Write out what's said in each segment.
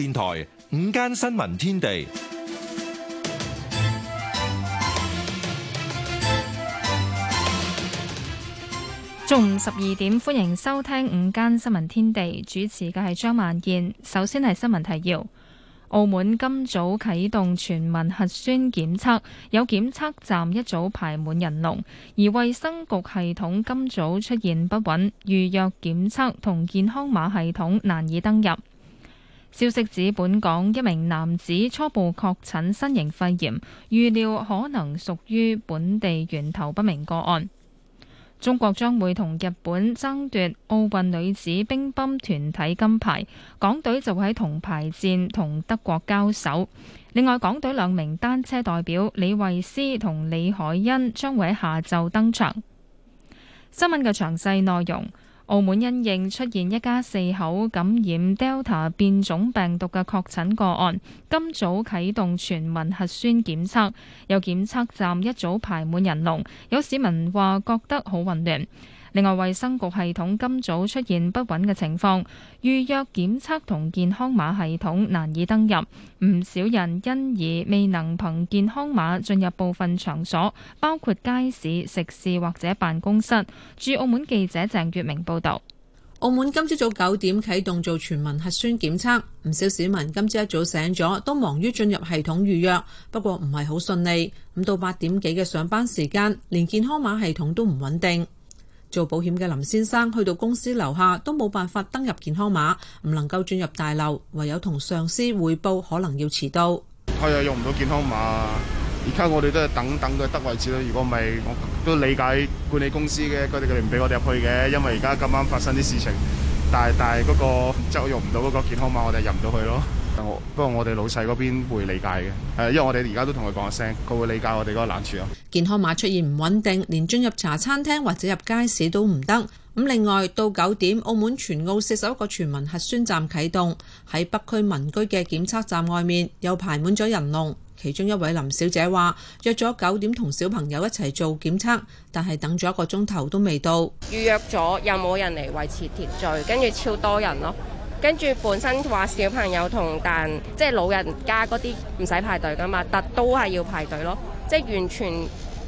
電台午間新聞天地，中午十二點，歡迎收聽午間新聞天地，主持嘅係張萬健。首先係新聞提要：澳門今早啟動全民核酸檢測，有檢測站一早排滿人龍，而衛生局系統今早出現不穩，預約檢測同健康碼系統難以登入。消息指，本港一名男子初步確診新型肺炎，預料可能屬於本地源頭不明個案。中國將會同日本爭奪奧運女子乒乓團體金牌，港隊就會喺銅牌戰同德國交手。另外，港隊兩名單車代表李慧思同李海欣將會喺下晝登場。新聞嘅詳細內容。澳門因應出現一家四口感染 Delta 變種病毒嘅確診個案，今早啟動全民核酸檢測，有檢測站一早排滿人龍，有市民話覺得好混亂。另外，衛生局系統今早出現不穩嘅情況，預約檢測同健康碼系統難以登入，唔少人因而未能憑健康碼進入部分場所，包括街市、食肆或者辦公室。駐澳門記者鄭月明報道，澳門今朝早九點啟動做全民核酸檢測，唔少市民今朝一早醒咗都忙於進入系統預約，不過唔係好順利。五到八點幾嘅上班時間，連健康碼系統都唔穩定。做保險嘅林先生去到公司樓下都冇辦法登入健康碼，唔能夠進入大樓，唯有同上司匯報可能要遲到。係啊、 嗯，用唔到健康碼。而家我哋都係等等佢得位置啦。如果唔係，我都理解管理公司嘅，佢哋佢哋唔俾我哋入去嘅，因為而家咁啱發生啲事情。但係但係嗰個即係我用唔到嗰個健康碼，我哋入唔到去咯。不過我哋老細嗰邊會理解嘅，係因為我哋而家都同佢講一聲，佢會理解我哋嗰個難處咯。健康碼出現唔穩定，連進入茶餐廳或者入街市都唔得。咁另外，到九點，澳門全澳四十一個全民核酸站啟動，喺北區民居嘅檢測站外面又排滿咗人龍。其中一位林小姐話，約咗九點同小朋友一齊做檢測，但係等咗一個鐘頭都未到，預約咗又冇人嚟維持秩序，跟住超多人咯。跟住本身話小朋友同但即係、就是、老人家嗰啲唔使排隊噶嘛，但都係要排隊咯，即係完全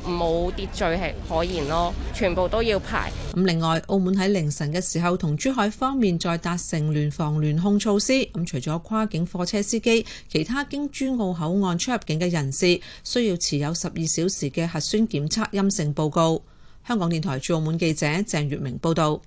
冇秩序係可言咯，全部都要排。咁另外，澳門喺凌晨嘅時候同珠海方面再達成聯防聯控措施。咁除咗跨境貨車司機，其他經珠澳口岸出入境嘅人士需要持有十二小時嘅核酸檢測陰性報告。香港電台駐澳門記者鄭月明報道。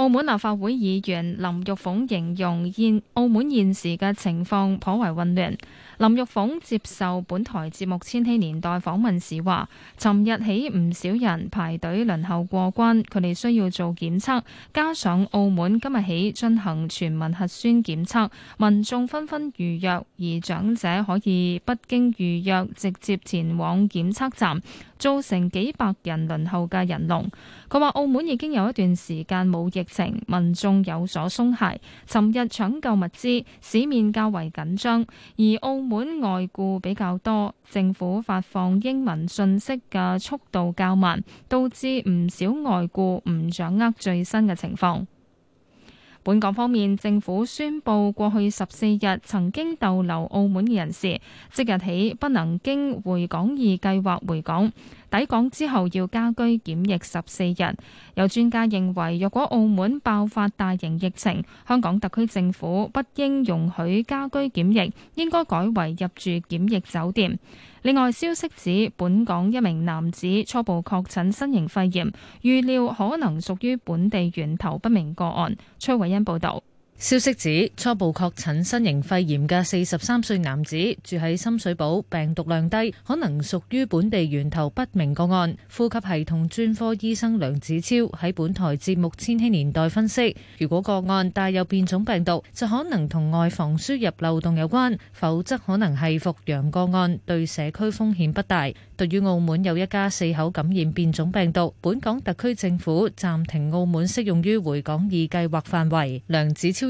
澳門立法會議員林玉鳳形容，現澳門現時嘅情況頗為混亂。林玉鳳接受本台節目《千禧年代》訪問時話，尋日起唔少人排隊輪候過關，佢哋需要做檢測，加上澳門今日起進行全民核酸檢測，民眾紛紛預約，而長者可以不經預約直接前往檢測站。造成幾百人輪候嘅人龍，佢話澳門已經有一段時間冇疫情，民眾有所鬆懈。尋日搶救物資，市面較為緊張，而澳門外雇比較多，政府發放英文信息嘅速度較慢，導致唔少外雇唔掌握最新嘅情況。本港方面，政府宣布過去十四日曾經逗留澳門嘅人士，即日起不能經回港易計劃回港，抵港之後要家居檢疫十四日。有專家認為，若果澳門爆發大型疫情，香港特區政府不應容許家居檢疫，應該改為入住檢疫酒店。另外，消息指本港一名男子初步確診新型肺炎，預料可能屬於本地源頭不明個案。崔偉欣報道。消息指初步確診新型肺炎嘅四十三歲男子住喺深水埗，病毒量低，可能屬於本地源頭不明個案。呼吸系統專科醫生梁子超喺本台節目《千禧年代》分析，如果個案帶有變種病毒，就可能同外防輸入漏洞有關，否則可能係復陽個案，對社區風險不大。對於澳門有一家四口感染變種病毒，本港特區政府暫停澳門適用於回港易計劃範圍。梁子超。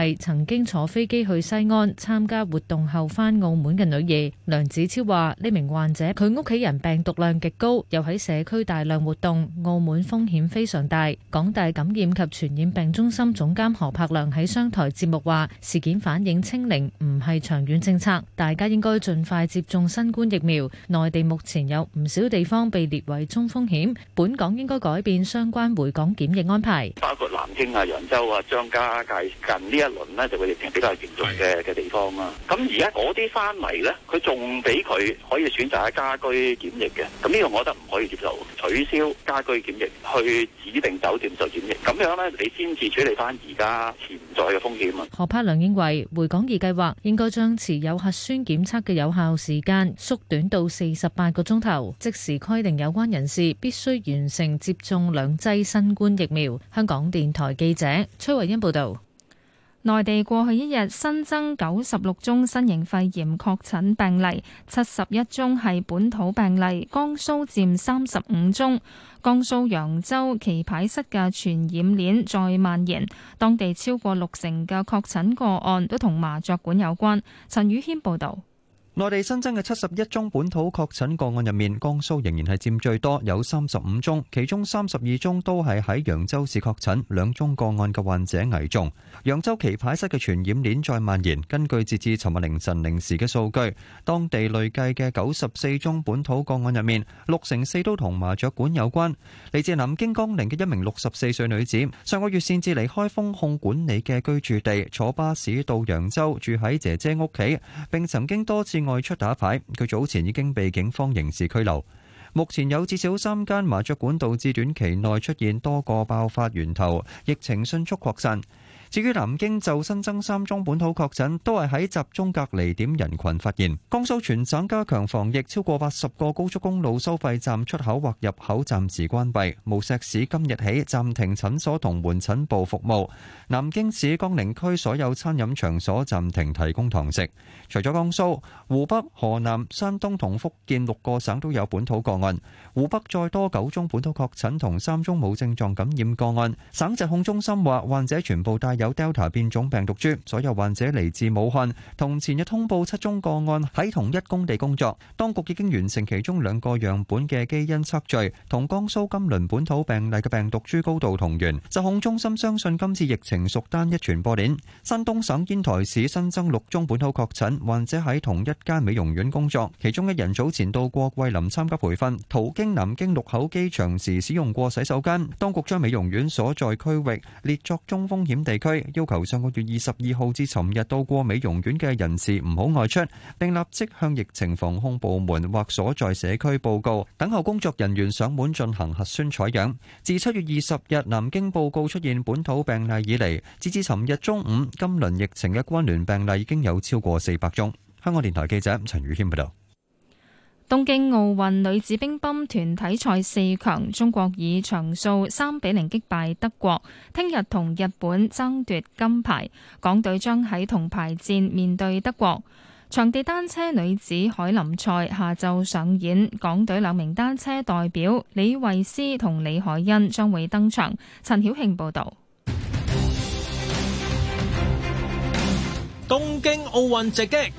係曾經坐飛機去西安參加活動後返澳門嘅女兒梁子超話，呢名患者佢屋企人病毒量極高，又喺社區大量活動，澳門風險非常大。港大感染及傳染病中心總監何柏良喺商台節目話，事件反映清零唔係長遠政策，大家應該盡快接種新冠疫苗。內地目前有唔少地方被列為中風險，本港應該改變相關回港檢疫安排，包括南京啊、揚州啊、張家界近呢一。輪咧就會疫情比較嚴重嘅嘅地方啦。咁而家嗰啲翻嚟呢，佢仲俾佢可以選擇喺家居檢疫嘅。咁呢個我覺得唔可以接受，取消家居檢疫，去指定酒店做檢疫，咁樣呢，你先至處理翻而家潛在嘅風險啊。何柏良認為回港易計劃應該將持有核酸檢測嘅有效時間縮短到四十八個鐘頭，即時規定有關人士必須完成接種兩劑新冠疫苗。香港電台記者崔慧欣報導。內地過去一日新增九十六宗新型肺炎確診病例，七十一宗係本土病例，江蘇佔三十五宗。江蘇揚州棋牌室嘅傳染鏈再蔓延，當地超過六成嘅確診個案都同麻雀館有關。陳宇謙報道。內地新增嘅七十一宗本土確診個案入面，江蘇仍然係佔最多，有三十五宗，其中三十二宗都係喺揚州市確診，兩宗個案嘅患者危重。揚州棋牌室嘅傳染鏈再蔓延。根據截至尋日凌晨零時嘅數據，當地累計嘅九十四宗本土個案入面，六成四都同麻雀館有關。嚟自南京江寧嘅一名六十四歲女子，上個月擅自離開封控管理嘅居住地，坐巴士到揚州，住喺姐姐屋企，並曾經多次外出打牌，佢早前已經被警方刑事拘留。目前有至少三間麻雀館，導致短期內出現多個爆發源頭，疫情迅速擴散。至於南京就新增三宗本土確診，都係喺集中隔離點人群發現。江蘇全省加強防疫，超過八十個高速公路收費站出口或入口暫時關閉。無錫市今日起暫停診所同門診部服務。南京市江寧區所有餐飲場所暫停提供堂食。除咗江蘇、湖北、河南、山東同福建六個省都有本土個案，湖北再多九宗本土確診同三宗冇症狀感染個案。省疾控中心話，患者全部帶有 Delta 變種病毒株，所有患者嚟自武漢，同前日通報七宗個案喺同一工地工作。當局已經完成其中兩個樣本嘅基因測序，同江蘇今輪本土病例嘅病毒株高度同源。疾控中心相信今次疫情屬單一傳播鏈。山東省煙台市新增六宗本土確診患者喺同一間美容院工作，其中一人早前到過桂林參加培訓，途經南京祿口機場時使用過洗手間。當局將美容院所在區域列作中風險地區。要求上個月二十二號至尋日到過美容院嘅人士唔好外出，並立即向疫情防控部門或所在社區報告，等候工作人員上門進行核酸採樣。自七月二十日南京報告出現本土病例以嚟，截至尋日中午，今輪疫情嘅關聯病例已經有超過四百宗。香港電台記者陳宇謙報道。東京奧運女子乒乓團體賽四強，中國以場數三比零擊敗德國，聽日同日本爭奪金牌。港隊將喺銅牌戰面對德國。場地單車女子凱林賽下晝上演，港隊兩名單車代表李慧詩同李海恩將會登場。陳曉慶報道。東京奧運直擊。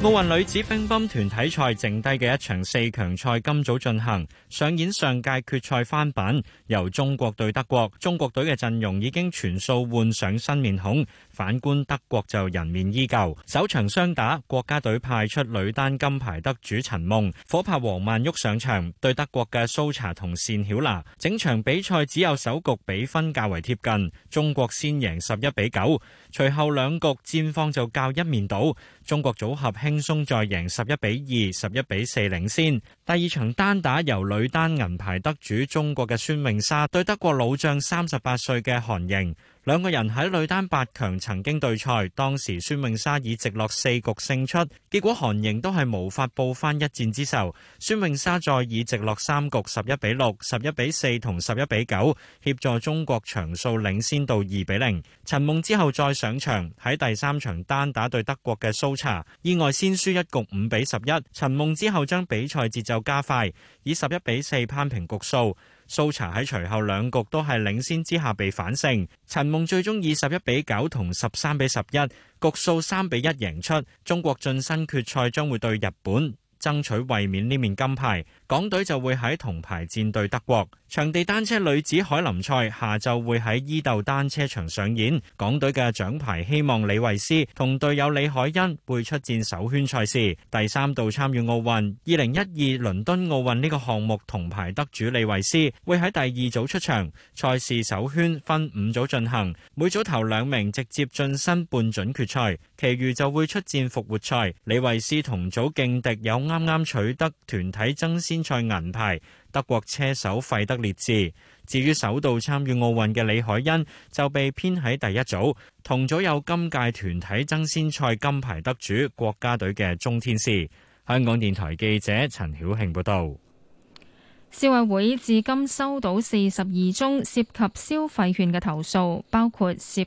奧運女子乒乓團體賽剩低嘅一場四強賽今早進行，上演上屆決賽翻版，由中國對德國。中國隊嘅陣容已經全數換上新面孔，反觀德國就人面依舊。首場雙打，國家隊派出女單金牌得主陳夢、火炮王曼昱上場，對德國嘅蘇茶同單曉娜。整場比賽只有首局比分較為貼近，中國先贏十一比九，隨後兩局戰況就較一面倒，中國組合。輕鬆再贏十一比二、十一比四領先。第二場單打由女單銀牌得主中國嘅孫穎莎對德國老將三十八歲嘅韓瑩。兩個人喺女單八強曾經對賽，當時孫穎莎以直落四局勝出，結果韓瑩都係無法報返一戰之仇。孫穎莎再以直落三局十一比六、十一比四同十一比九協助中國場數領先到二比零。陳夢之後再上場喺第三場單打對德國嘅蘇查，意外先輸一局五比十一。陳夢之後將比賽節奏加快，以十一比四攀平局數。蘇察喺隨後兩局都係領先之下被反勝，陳夢最終以十一比九同十三比十一局數三比一贏出，中國晉身決賽將會對日本爭取衛冕呢面金牌。港隊就會喺銅牌戰對德國，場地單車女子凱林賽下晝會喺伊豆單車場上演。港隊嘅獎牌希望李慧詩同隊友李海欣會出戰首圈賽事，第三度參與奧運。二零一二倫敦奧運呢個項目銅牌得主李慧詩會喺第二組出場，賽事首圈分五組進行，每組頭兩名直接晉身半準決賽，其餘就會出戰復活賽。李慧詩同組勁敵有啱啱取得團體爭先賽銀牌，德國車手費德列治。至於首度參與奧運嘅李海欣，就被編喺第一組，同組有今屆團體爭先賽金牌得主國家隊嘅鍾天使。香港電台記者陳曉慶報道。消委會至今收到四十二宗涉及消費券嘅投訴，包括涉及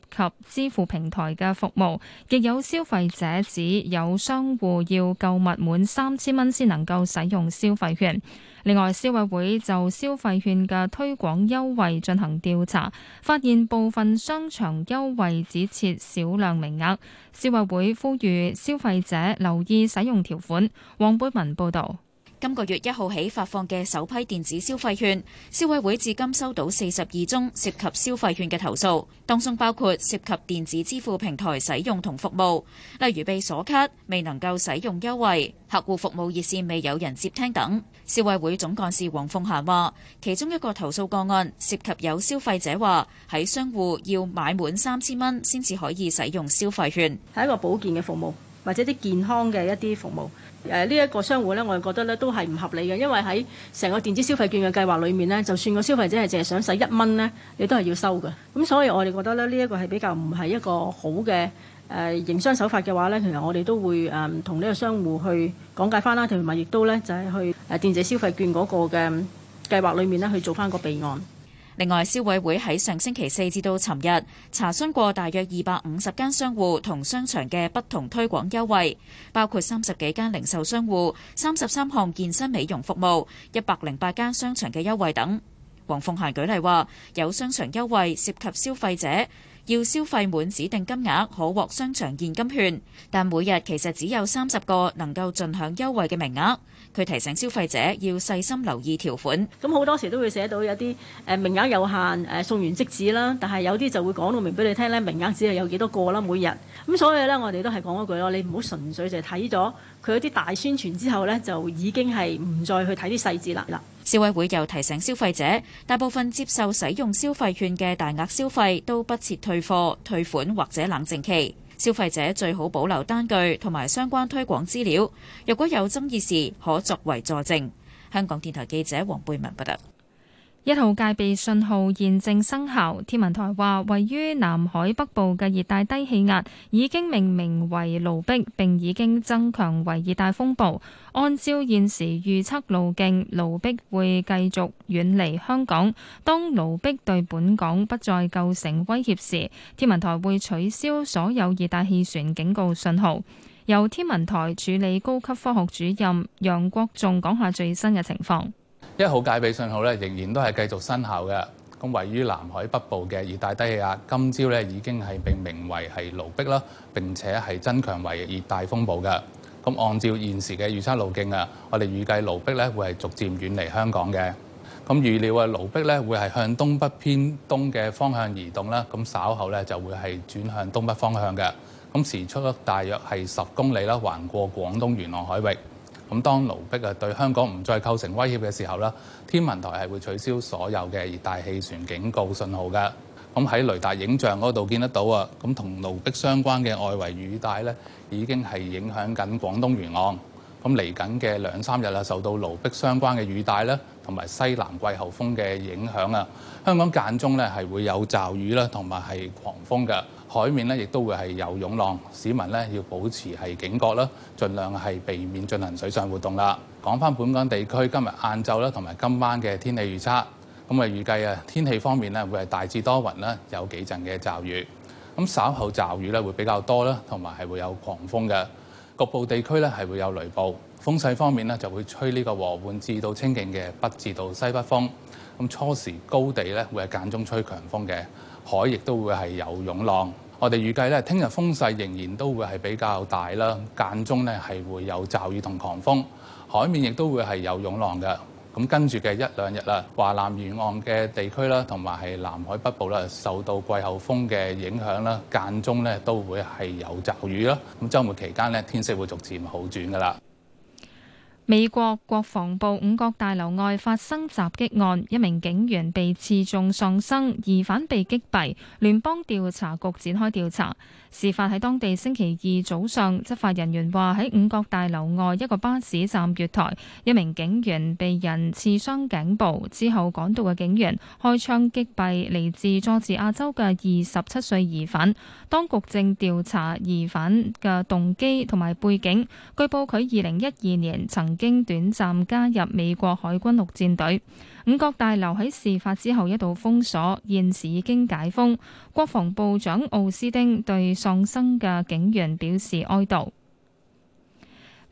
支付平台嘅服務，亦有消費者指有商戶要購物滿三千蚊先能夠使用消費券。另外，消委會就消費券嘅推廣優惠進行調查，發現部分商場優惠只設少量名額，消委會呼籲消費者留意使用條款。黃貝文報道。今個月一號起發放嘅首批電子消費券，消委會至今收到四十二宗涉及消費券嘅投訴，當中包括涉及電子支付平台使用同服務，例如被鎖卡、未能夠使用優惠、客戶服務熱線未有人接聽等。消委會總幹事黃鳳嫻話，其中一個投訴個案涉及有消費者話喺商戶要買滿三千蚊先至可以使用消費券，係一個保健嘅服務或者啲健康嘅一啲服務。誒呢一個商戶呢，我哋覺得呢都係唔合理嘅，因為喺成個電子消費券嘅計劃裡面呢，就算個消費者係淨係想使一蚊呢，你都係要收嘅。咁所以我哋覺得呢，呢一個係比較唔係一個好嘅誒營商手法嘅話呢，其實我哋都會誒同呢個商戶去講解翻啦，同埋亦都呢就係去誒電子消費券嗰個嘅計劃裡面呢去做翻個備案。另外，消委會喺上星期四至到尋日查詢過大約二百五十間商戶同商場嘅不同推廣優惠，包括三十幾間零售商戶、三十三項健身美容服務，一百零八間商場嘅優惠等。黃鳳嫻舉例話，有商場優惠涉及消費者，要消費滿指定金額可獲商場現金券，但每日其實只有三十個能夠盡享優惠嘅名額。佢提醒消費者要細心留意條款，咁好多時都會寫到有啲誒名額有限，誒送完即止啦。但係有啲就會講到明俾你聽咧，名額只係有幾多個啦，每日。咁所以咧，我哋都係講一句咯，你唔好純粹就係睇咗佢一啲大宣傳之後咧，就已經係唔再去睇啲細節啦。啦，消委會又提醒消費者，大部分接受使用消費券嘅大額消費都不設退貨、退款或者冷靜期。消費者最好保留單據同埋相關推廣資料，若果有爭議事，可作為佐證。香港電台記者黃貝文報道。一號戒備信號現正生效。天文台話，位於南海北部嘅熱帶低氣壓已經命名為盧碧，並已經增強為熱帶風暴。按照現時預測路徑，盧碧會繼續遠離香港。當盧碧對本港不再構成威脅時，天文台會取消所有熱帶氣旋警告信號。由天文台處理高級科學主任楊國仲講下最新嘅情況。一號戒備信號咧仍然都係繼續生效嘅。咁位於南海北部嘅熱帶低氣壓，今朝咧已經係被名為係盧碧啦，並且係增強為熱帶風暴嘅。咁按照現時嘅預測路徑啊，我哋預計盧碧咧會係逐漸遠離香港嘅。咁預料啊，盧碧咧會係向東北偏東嘅方向移動啦。咁稍後咧就會係轉向東北方向嘅。咁時速咧大約係十公里啦，橫過廣東沿岸海域。咁當盧碧啊對香港唔再構成威脅嘅時候啦，天文台係會取消所有嘅熱帶氣旋警告信號嘅。咁、嗯、喺雷達影像嗰度見得到啊，咁同盧碧相關嘅外圍雨帶咧，已經係影響緊廣東沿岸。咁嚟緊嘅兩三日啊，受到盧碧相關嘅雨帶啦，同埋西南季候風嘅影響啊，香港間中咧係會有驟雨啦，同埋係狂風嘅。海面咧亦都會係有湧浪，市民咧要保持係警覺啦，盡量係避免進行水上活動啦。講返本港地區今日晏晝啦，同埋今晚嘅天氣預測，咁啊預計啊天氣方面咧會係大致多雲啦，有幾陣嘅驟雨。咁稍後驟雨咧會比較多啦，同埋係會有狂風嘅，局部地區咧係會有雷暴。風勢方面咧就會吹呢個和緩至到清勁嘅北至到西北風。咁初時高地咧會係間中吹強風嘅，海亦都會係有湧浪。我哋預計咧，聽日風勢仍然都會係比較大啦，間中咧係會有驟雨同狂風，海面亦都會係有湧浪㗎。咁跟住嘅一兩日啦，華南沿岸嘅地區啦，同埋係南海北部啦，受到季候風嘅影響啦，間中咧都會係有驟雨啦。咁週末期間咧，天色會逐漸好轉㗎啦。美國國防部五角大樓外發生襲擊案，一名警員被刺中喪生，疑犯被擊斃。聯邦調查局展開調查。事發喺當地星期二早上，執法人員話喺五角大樓外一個巴士站月台，一名警員被人刺傷頸部，之後趕到嘅警員開槍擊斃嚟自佐治亞州嘅二十七歲疑犯。當局正調查疑犯嘅動機同埋背景，據報佢二零一二年曾。經短暫加入美國海軍陸戰隊，五角大樓喺事發之後一度封鎖，現時已經解封。國防部長奧斯丁對喪生嘅警員表示哀悼。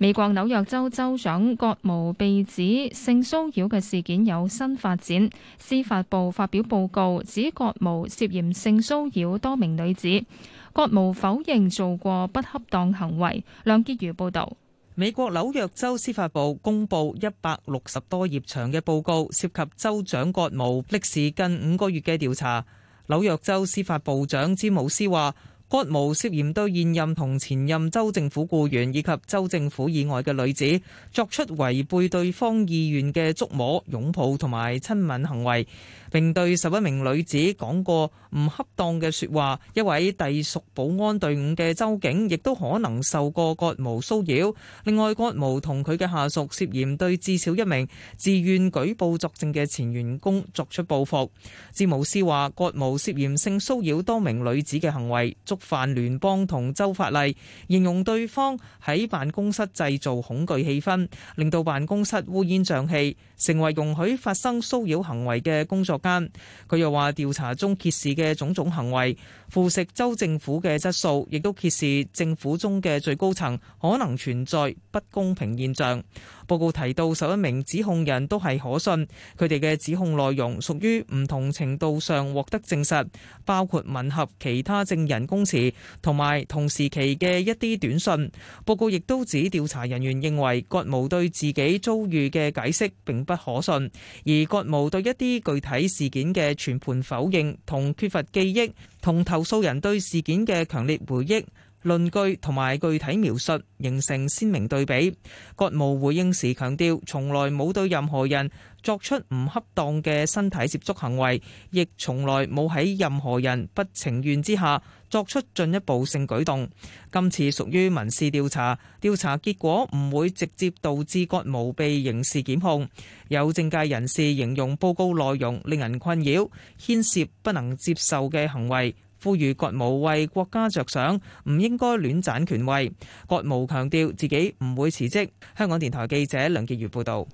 美國紐約州州長葛姆被指性騷擾嘅事件有新發展，司法部發表報告指葛姆涉嫌性騷擾多名女子，葛姆否認做過不恰當行為。梁潔如報道。美國紐約州司法部公布一百六十多頁長嘅報告，涉及州長葛姆，歷時近五個月嘅調查。紐約州司法部長詹姆斯話，葛姆涉嫌對現任同前任州政府僱員以及州政府以外嘅女子作出違背對方意願嘅觸摸、擁抱同埋親吻行為。並對十一名女子講過唔恰當嘅說話，一位隸屬保安隊伍嘅州警亦都可能受過割毛騷擾，另外，割毛同佢嘅下屬涉嫌對至少一名自願舉報作證嘅前員工作出報復。詹姆斯話割毛涉嫌性騷擾多名女子嘅行為觸犯聯邦同州法例，形容對方喺辦公室製造恐懼氣氛，令到辦公室烏煙瘴氣，成為容許發生騷擾行為嘅工作間，佢又話調查中揭示嘅種種行為，腐蝕州政府嘅質素，亦都揭示政府中嘅最高層可能存在不公平現象。報告提到十一名指控人都係可信，佢哋嘅指控內容屬於唔同程度上獲得證實，包括吻合其他證人供詞同埋同時期嘅一啲短信。報告亦都指調查人員認為葛慕對自己遭遇嘅解釋並不可信，而葛慕對一啲具體事件嘅全盤否認同缺乏記憶，同投訴人對事件嘅強烈回憶。論據同埋具體描述形成鮮明對比。葛謨回應時強調，從來冇對任何人作出唔恰當嘅身體接觸行為，亦從來冇喺任何人不情願之下作出進一步性舉動。今次屬於民事調查，調查結果唔會直接導致葛謨被刑事檢控。有政界人士形容報告內容令人困擾，牽涉不能接受嘅行為。呼籲葛謨為國家着想，唔應該亂攢權位。葛謨強調自己唔會辭職。香港電台記者梁潔如報導，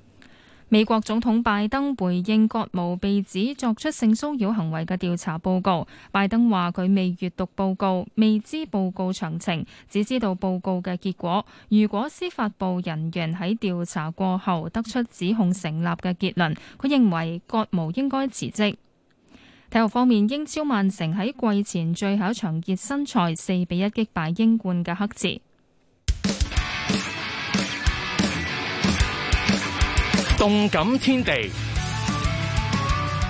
美國總統拜登回應葛謨被指作出性騷擾行為嘅調查報告。拜登話佢未閱讀報告，未知報告詳情，只知道報告嘅結果。如果司法部人員喺調查過後得出指控成立嘅結論，佢認為葛謨應該辭職。體育方面，英超曼城喺季前最後一場熱身賽四比一擊敗英冠嘅黑池。動感天地，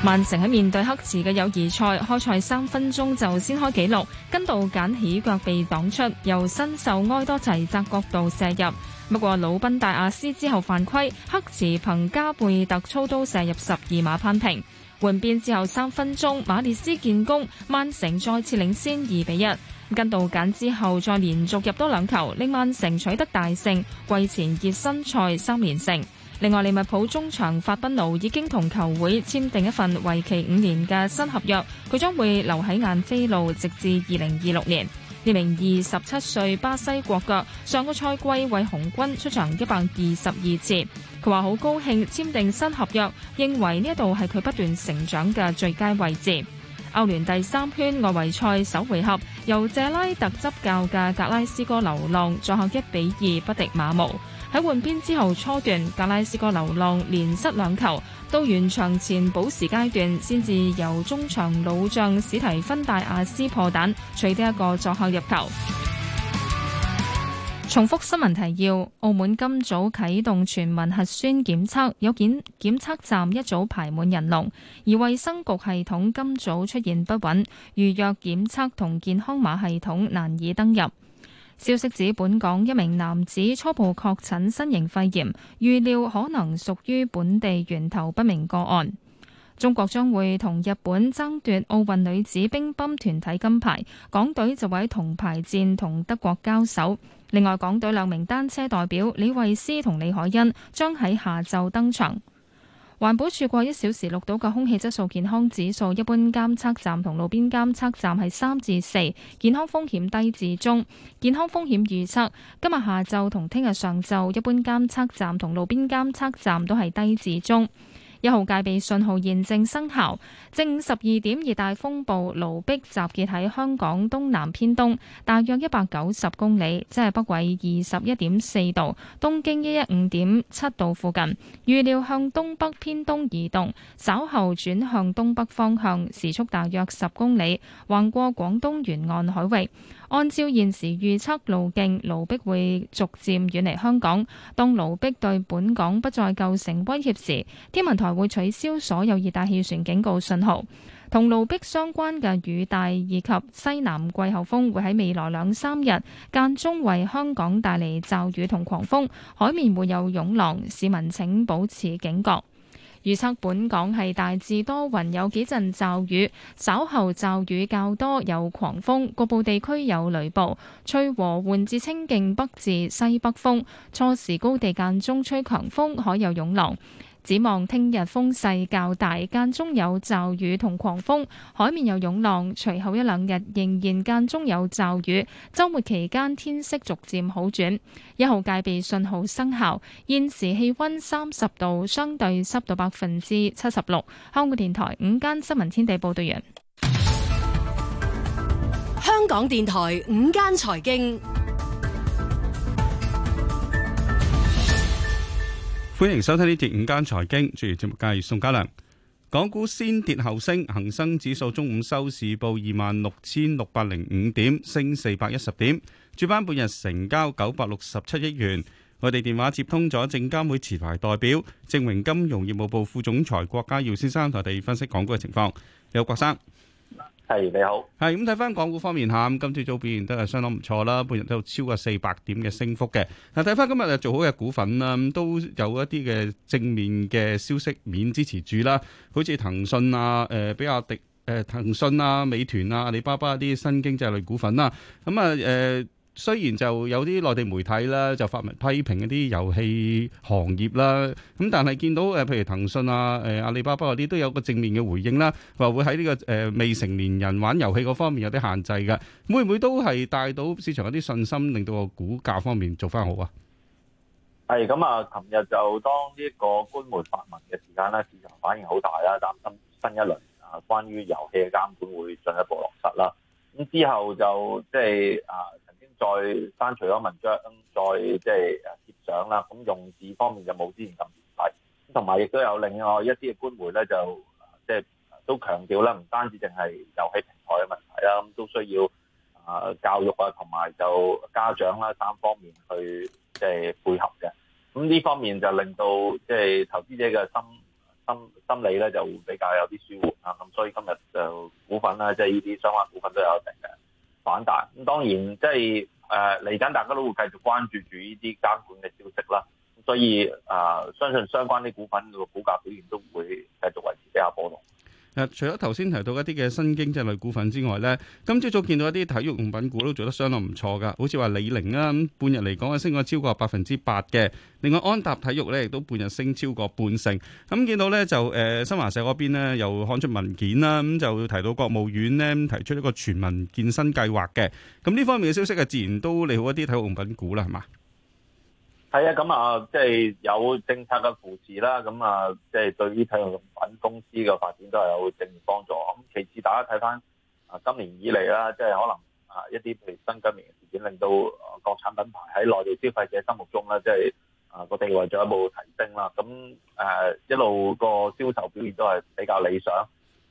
曼城喺面對黑池嘅友誼賽開賽三分鐘就先開紀錄，跟到簡起腳被擋出，由新秀埃多齊窄角度射入。不過魯賓大阿斯之後犯規，黑池憑加貝特操刀射入十二碼扳平。換邊之後三分鐘，馬列斯建功，曼城再次領先二比一。跟道簡之後，再連續入多兩球，令曼城取得大勝，季前熱身賽三連勝。另外，利物浦中場法賓奴已經同球會簽訂一份為期五年嘅新合約，佢將會留喺晏菲路，直至二零二六年。呢名二十七歲巴西國腳上個賽季為紅軍出場一百二十二次，佢話好高興簽訂新合約，認為呢一度係佢不斷成長嘅最佳位置。歐聯第三圈外圍賽首回合，由謝拉特執教嘅格拉斯哥流浪作客一比二不敵馬毛。喺換邊之後初段，格拉斯哥流浪連失兩球，到完場前補時階段先至由中場老將史提芬戴亞斯破蛋，取得一個作客入球。重複新聞提要：澳門今早啟動全民核酸檢測，有檢檢測站一早排滿人龍，而衛生局系統今早出現不穩，預約檢測同健康碼系統難以登入。消息指，本港一名男子初步確診新型肺炎，預料可能屬於本地源頭不明個案。中國將會同日本爭奪奧運女子乒乓團體金牌，港隊就喺銅牌戰同德國交手。另外，港隊兩名單車代表李慧詩同李海恩將喺下晝登場。環保署過一小時錄到嘅空氣質素健康指數，一般監測站同路邊監測站係三至四，健康風險低至中。健康風險預測，今日下晝同聽日上晝，一般監測站同路邊監測站都係低至中。一號戒備信號現正生效，正午十二點熱帶風暴盧碧集結喺香港東南偏東，大約一百九十公里，即係北緯二十一點四度，東經一一五點七度附近，預料向東北偏東移動，稍後轉向東北方向，時速大約十公里，橫過廣東沿岸海域。按照現時預測路徑，盧碧會逐漸遠離香港。當盧碧對本港不再構成威脅時，天文台會取消所有熱帶氣旋警告信號。同盧碧相關嘅雨帶以及西南季候風會喺未來兩三日間中為香港帶嚟驟雨同狂風，海面會有湧浪，市民請保持警覺。預測本港係大致多雲，有幾陣驟雨，稍後驟雨較多，有狂風，局部地區有雷暴。吹和緩至清勁北至西北風，初時高地間中吹強風，海有湧浪。指望聽日風勢較大，間中有驟雨同狂風，海面有湧浪。隨後一兩日仍然間中有驟雨，周末期間天色逐漸好轉。一號戒備信號生效，現時氣溫三十度，相對濕度百分之七十六。香港電台午間新聞天地報道員，香港電台午間財經。歡迎收聽呢節午間財經，主持節目嘅係宋家良。港股先跌後升，恒生指數中午收市報二萬六千六百零五點，升四百一十點。主板半日成交九百六十七億元。我哋電話接通咗證監會持牌代表，正榮金融業務部副總裁郭家耀先生同我哋分析港股嘅情況。你好，郭生。係，你好，係咁睇翻港股方面吓，咁今朝早表現都係相當唔錯啦，本日都有超過四百點嘅升幅嘅。嗱，睇翻今日誒做好嘅股份啦，咁都有一啲嘅正面嘅消息面支持住啦，好似騰訊啊，誒、呃、比亞迪，誒騰訊啊、美團啊、阿里巴巴啲新經濟類股份啦，咁、嗯、啊，誒、呃。雖然就有啲內地媒體啦，就發文批評一啲遊戲行業啦，咁但係見到誒，譬如騰訊啊、誒阿里巴巴嗰啲都有個正面嘅回應啦，話會喺呢、這個誒、呃、未成年人玩遊戲嗰方面有啲限制嘅，會唔會都係帶到市場一啲信心，令到個股價方面做翻好啊？係咁啊！琴日就當呢個官媒發文嘅時間啦，市場反應好大啦，擔心新一輪啊關於遊戲嘅監管會進一步落實啦。咁之後就即係啊～再刪除咗文章，再即係貼上啦。咁用字方面就冇之前咁嚴謹，同埋亦都有另外一啲嘅官媒咧，就即係都強調啦，唔單止淨係遊戲平台嘅問題啦，咁都需要啊教育啊同埋就家長啦三方面去即係配合嘅。咁呢方面就令到即係投資者嘅心心心理咧就比較有啲舒緩啊。咁所以今日就股份啦，即係呢啲相關股份都有一定嘅。反彈，咁當然，即係誒嚟緊，呃、大家都會繼續關注住呢啲監管嘅消息啦。所以誒、呃，相信相關啲股份個股價表現都會繼續維持比較波動。除咗頭先提到一啲嘅新經濟類股份之外呢，今朝早見到一啲體育用品股都做得相當唔錯噶，好似話李寧啦，半日嚟講啊，升過超過百分之八嘅。另外安踏體育呢，亦都半日升超過半成。咁見到呢，就誒，新華社嗰邊咧又刊出文件啦，咁就提到國務院呢，提出一個全民健身計劃嘅。咁呢方面嘅消息啊，自然都利好一啲體育用品股啦，係嘛？係啊，咁啊，即係有政策嘅扶持啦，咁啊，即係對於體育用品公司嘅發展都係有正面幫助。咁其次，大家睇翻啊，今年以嚟啦，即係可能啊一啲譬如新疆棉事件，令到國產品牌喺內地消費者心目中咧，即係啊個地位進一步提升啦。咁誒一路個銷售表現都係比較理想。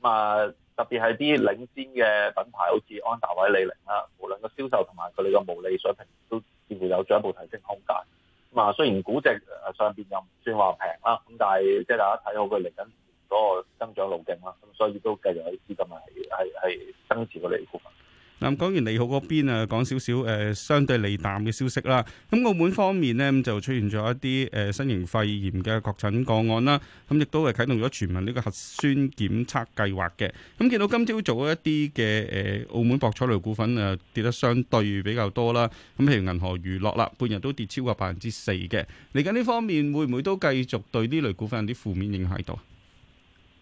咁啊，特別係啲領先嘅品牌，好似安踏或者李寧啦，無論個銷售同埋佢哋嘅毛利水平都似乎有進一步提升空間。嘛，雖然估值上邊又唔算話平啦，咁但係即係大家睇到佢嚟緊嗰個增長路徑啦，咁所以都繼續啲資金係係係增持佢哋股份。嗱，講完利好嗰邊啊，講少少誒相對利淡嘅消息啦。咁澳門方面呢，就出現咗一啲誒新型肺炎嘅確診個案啦。咁亦都係啟動咗全民呢個核酸檢測計劃嘅。咁見到今朝早做一啲嘅誒澳門博彩類股份啊跌得相對比較多啦。咁譬如銀河娛樂啦，半日都跌超過百分之四嘅。嚟緊呢方面會唔會都繼續對呢類股份有啲負面影響喺度？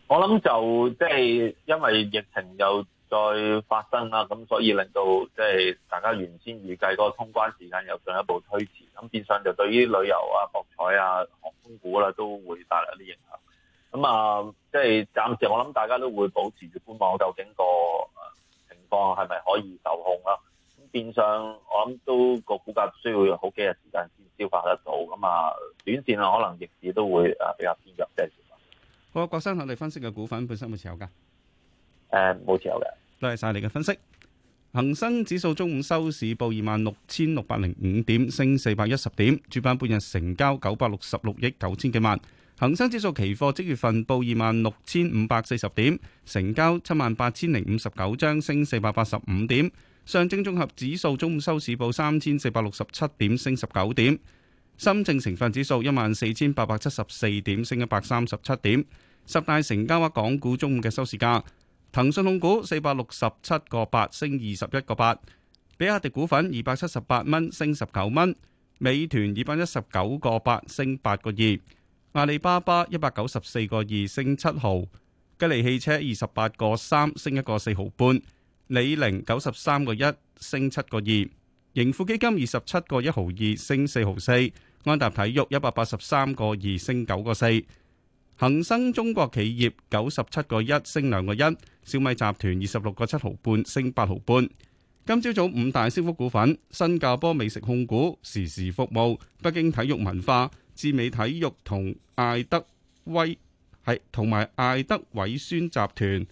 我諗就即係、就是、因為疫情又。再發生啦，咁所以令到即係大家原先預計嗰個通關時間又進一步推遲，咁變相就對於旅遊啊、博彩啊、航空股啦、啊，都會帶來一啲影響。咁啊，即係暫時我諗大家都會保持住觀望，究竟個情況係咪可以受控啦？咁變相我諗都個股價需要好幾日時間先消化得到。咁啊，短線啊，可能逆市都會啊比較偏弱嘅情況。好啊，國生，我哋分析嘅股份本，本身有冇持有噶？誒、呃，冇持有嘅。多謝晒你嘅分析。恒生指數中午收市報二萬六千六百零五點，升四百一十點。主板半日成交九百六十六億九千幾萬。恒生指數期貨即月份報二萬六千五百四十點，成交七萬八千零五十九張，升四百八十五點。上證綜合指數中午收市報三千四百六十七點，升十九點。深證成分指數一萬四千八百七十四點，升一百三十七點。十大成交額港股中午嘅收市價。騰訊控股四百六十七個八升二十一個八，比亞迪股份二百七十八蚊升十九蚊，美團二百一十九個八升八個二，阿里巴巴一百九十四個二升七毫，吉利汽車二十八個三升一個四毫半，李寧九十三個一升七個二，盈富基金二十七個一毫二升四毫四，安踏體育一百八十三個二升九個四，恒生中國企業九十七個一升兩個一。小米集團二十六個七毫半，升八毫半。今朝早，早五大升幅股份：新加坡美食控股、時時服務、北京體育文化、智美體育同艾德威系，同埋艾德偉宣集團。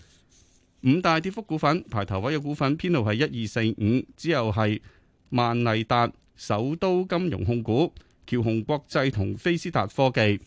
五大跌幅股份，排頭位嘅股份編號係一二四五，之後係萬麗達、首都金融控股、僑鴻國際同菲斯達科技。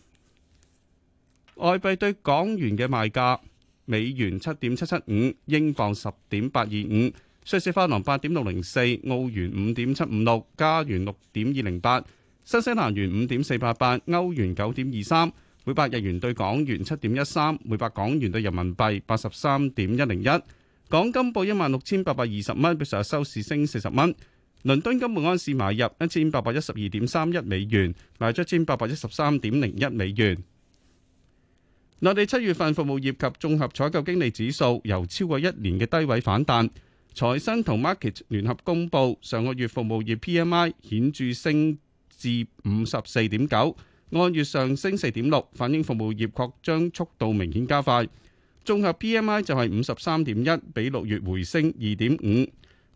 外幣對港元嘅賣價。美元七點七七五，英鎊十點八二五，瑞士法郎八點六零四，澳元五點七五六，加元六點二零八，新西蘭元五點四八八，歐元九點二三，每百日元兌港元七點一三，每百港元兌人民幣八十三點一零一。港金報一萬六千八百二十蚊，比上日收市升四十蚊。倫敦金每安士買入一千八百一十二點三一美元，賣出一千八百一十三點零一美元。內地七月份服務業及綜合採購經理指數由超過一年嘅低位反彈，財新同 Markit 聯合公佈上個月服務業 PMI 顯著升至五十四點九，按月上升四點六，反映服務業擴張速度明顯加快。綜合 PMI 就係五十三點一，比六月回升二點五。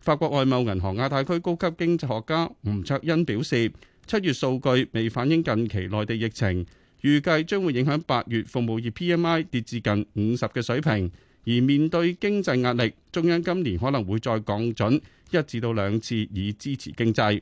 法國外貿銀行亞太區高級經濟學家吳卓恩表示，七月數據未反映近期內地疫情。預計將會影響八月服務業 PMI 跌至近五十嘅水平，而面對經濟壓力，中央今年可能會再降準，一至到兩次，以支持經濟。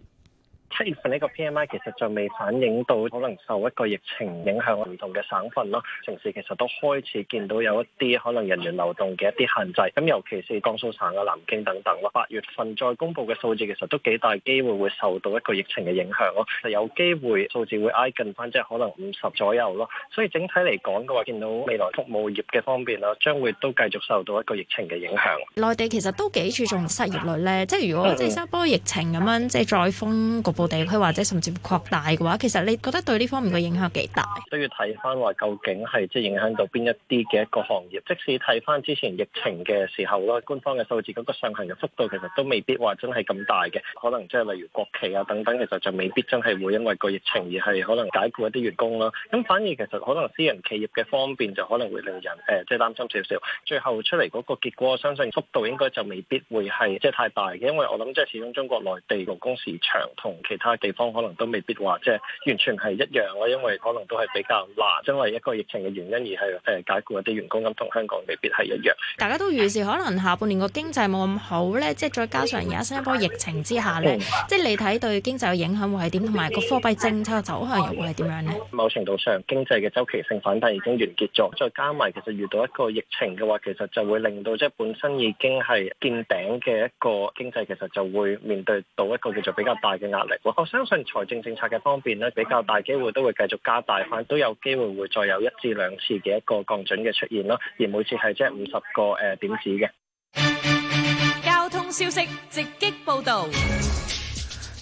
七月份呢個 PMI 其實就未反映到可能受一個疫情影響唔同嘅省份咯、啊，城市其實都開始見到有一啲可能人員流動嘅一啲限制，咁尤其是江蘇省啊、南京等等咯。八月份再公布嘅數字其實都幾大機會會受到一個疫情嘅影響咯、啊，就有機會數字會挨近翻即係可能五十左右咯、啊。所以整體嚟講嘅話，見到未來服務業嘅方面啦、啊，將會都繼續受到一個疫情嘅影響。內地其實都幾注重失業率咧，即係如果即係波疫情咁樣，即係再封個波。地區或者甚至擴大嘅話，其實你覺得對呢方面嘅影響幾大？都要睇返話，究竟係即係影響到邊一啲嘅一個行業。即使睇返之前疫情嘅時候咯，官方嘅數字嗰個上行嘅幅度其實都未必話真係咁大嘅。可能即係例如國企啊等等，其實就未必真係會因為個疫情而係可能解僱一啲員工咯。咁反而其實可能私人企業嘅方面就可能會令人誒即係擔心少少。最後出嚟嗰個結果，我相信幅度應該就未必會係即係太大嘅，因為我諗即係始終中國內地勞工市場同。其他地方可能都未必話，即係完全係一樣咯，因為可能都係比較難，因為一個疫情嘅原因而係誒解雇一啲員工咁，同香港未必係一樣。大家都預示可能下半年個經濟冇咁好咧，即係再加上而家新一波疫情之下咧， 即係你睇對經濟嘅影響會係點同埋個貨幣政策走向又會係點樣咧？某程度上，經濟嘅周期性反彈已經完結咗，再加埋其實遇到一個疫情嘅話，其實就會令到即係本身已經係見頂嘅一個經濟，其實就會面對到一個叫做比較大嘅壓力。我相信財政政策嘅方面咧，比較大機會都會繼續加大，可能都有機會會再有一至兩次嘅一個降準嘅出現咯，而每次係即係五十個誒、呃、點子嘅。交通消息直擊報道。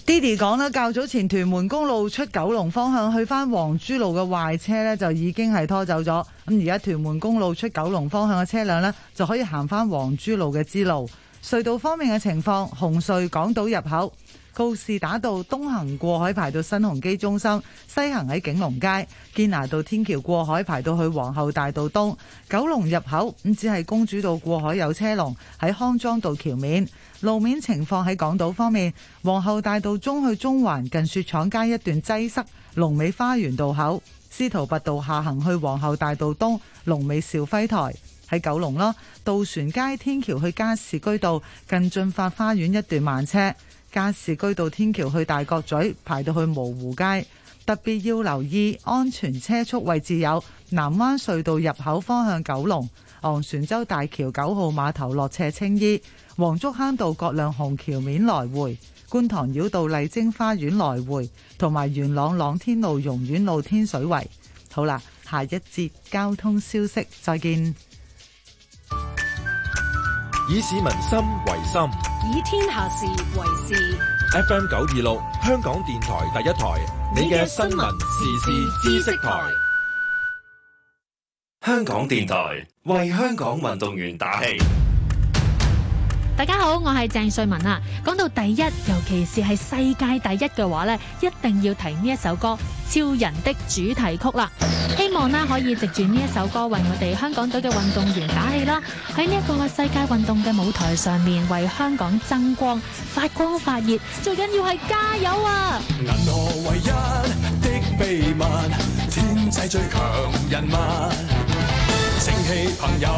Diddy 講咧，較早前屯門公路出九龍方向去翻黃珠路嘅壞車咧，就已經係拖走咗。咁而家屯門公路出九龍方向嘅車輛咧，就可以行翻黃珠路嘅支路隧道方面嘅情況，紅隧港島入口。告士打道東行過海，排到新鴻基中心；西行喺景龍街、堅拿道天橋過海，排到去皇后大道東九龍入口。唔只係公主道過海有車龍，喺康莊道橋面路面情況。喺港島方面，皇后大道中去中環近雪廠街一段擠塞，龍尾花園道口；司徒拔道下行去皇后大道東，龍尾兆輝台。喺九龍咯。渡船街天橋去加士居道近駿發花園一段慢車。加士居道天橋去大角咀，排到去蕪湖街。特別要留意安全車速位置，有南灣隧道入口方向、九龍昂船洲大橋九號碼頭落斜、青衣黃竹坑道葛量洪橋面來回、觀塘繞道麗晶花園來回，同埋元朗朗天路榕苑路天水圍。好啦，下一節交通消息，再見。以市民心為心。以天下事為事。FM 九二六，香港電台第一台，你嘅新聞、時事、知識台。香港電台為香港運動員打氣。大家好，我係鄭瑞文啊！講到第一，尤其是係世界第一嘅話咧，一定要提呢一首歌《超人的主題曲》啦。希望啦可以藉住呢一首歌為我哋香港隊嘅運動員打氣啦，喺呢一個世界運動嘅舞台上面為香港爭光發光發熱，最緊要係加油啊！銀河唯一的秘密，天際最強人物。朋友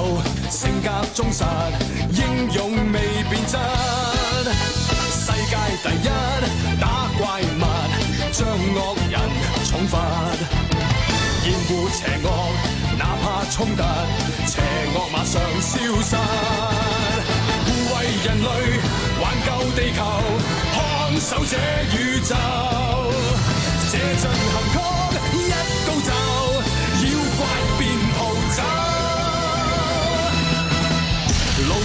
性格忠實，英勇未變質。世界第一打怪物，將惡人重罰。厭惡邪惡，哪怕衝突，邪惡馬上消失。護衛人類，挽救地球，看守這宇宙。這進行曲一高奏。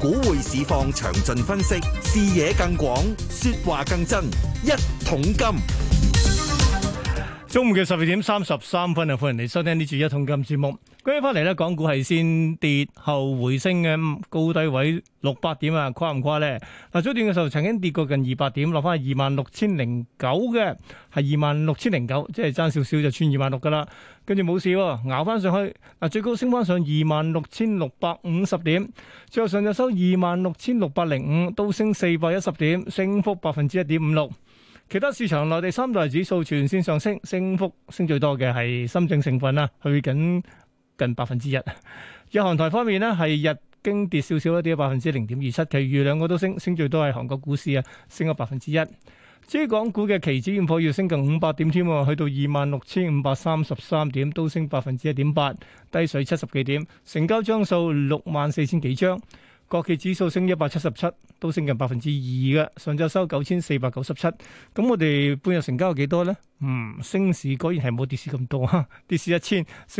股匯市況詳盡分析，視野更廣，說話更真。一桶金。中午嘅十二點三十三分，就歡迎你收聽呢節《一桶金》節目。今日翻嚟咧，港股係先跌後回升嘅，高低位六百點啊，誇唔誇呢？嗱，早段嘅時候曾經跌過近二百點，落翻二萬六千零九嘅，係二萬六千零九，即係爭少少就穿二萬六噶啦。跟住冇事，咬翻上去嗱，最高升翻上二萬六千六百五十點，最後上日收二萬六千六百零五，都升四百一十點，升幅百分之一點五六。其他市場內地三大指數全線上升，升幅升最多嘅係深證成分啦，去緊。1> 近百分之一。日韓台方面咧，係日經跌少少一啲，百分之零點二七。其餘兩個都升，升最多係韓國股市啊，升咗百分之一。至於港股嘅期指現貨要升近五百點添啊，去到二萬六千五百三十三點，都升百分之一點八，低水七十幾點。成交張數六萬四千幾張。國企指數升一百七十七，都升近百分之二嘅。上晝收九千四百九十七。咁我哋半日成交有幾多呢？嗯，升市果然係冇跌市咁多，跌市一千。